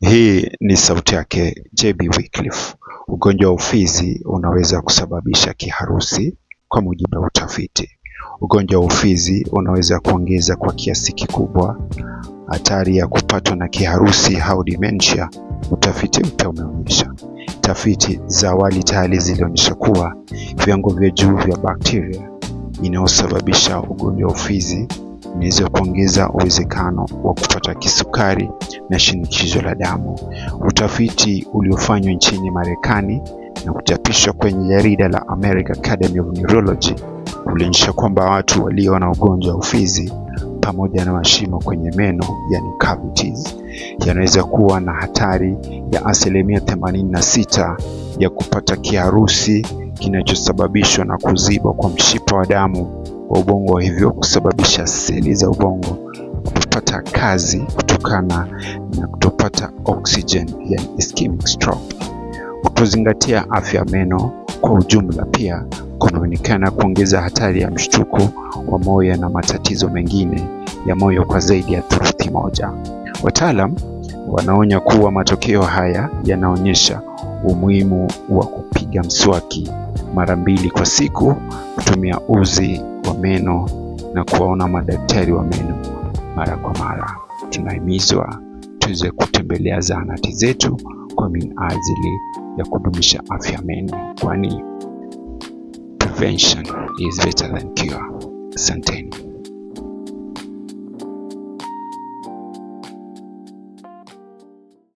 Hii ni sauti yake JB Wycliffe. Ugonjwa wa ufizi unaweza kusababisha kiharusi kwa mujibu wa utafiti. Ugonjwa wa ufizi unaweza kuongeza kwa kiasi kikubwa hatari ya kupatwa na kiharusi au dementia, utafiti mpya umeonyesha. Tafiti za awali tayari zilionyesha kuwa viwango vya juu vya bakteria inayosababisha ugonjwa wa ufizi inaweza kuongeza uwezekano wa kupata kisukari na shinikizo la damu. Utafiti uliofanywa nchini Marekani na kuchapishwa kwenye jarida la American Academy of Neurology ulionyesha kwamba watu walio na ugonjwa wa ufizi pamoja na mashimo kwenye meno yani cavities yanaweza kuwa na hatari ya asilimia 86 ya kupata kiharusi kinachosababishwa na kuziba kwa mshipa wa damu wa ubongo, hivyo kusababisha seli za ubongo kutopata kazi kutokana na kutopata oxygen, yani ischemic stroke. Kutozingatia afya meno kwa ujumla pia kumeonekana kuongeza hatari ya mshtuko wa moyo na matatizo mengine ya moyo kwa zaidi ya thuluthi moja. Wataalam wanaonya kuwa matokeo haya yanaonyesha umuhimu wa kupiga mswaki mara mbili kwa siku, kutumia uzi meno na kuwaona madaktari wa meno mara kwa mara. Tunahimizwa tuweze kutembelea zahanati zetu kwa minajili ya kudumisha afya ya meno, kwani prevention is better than cure. Asanteni.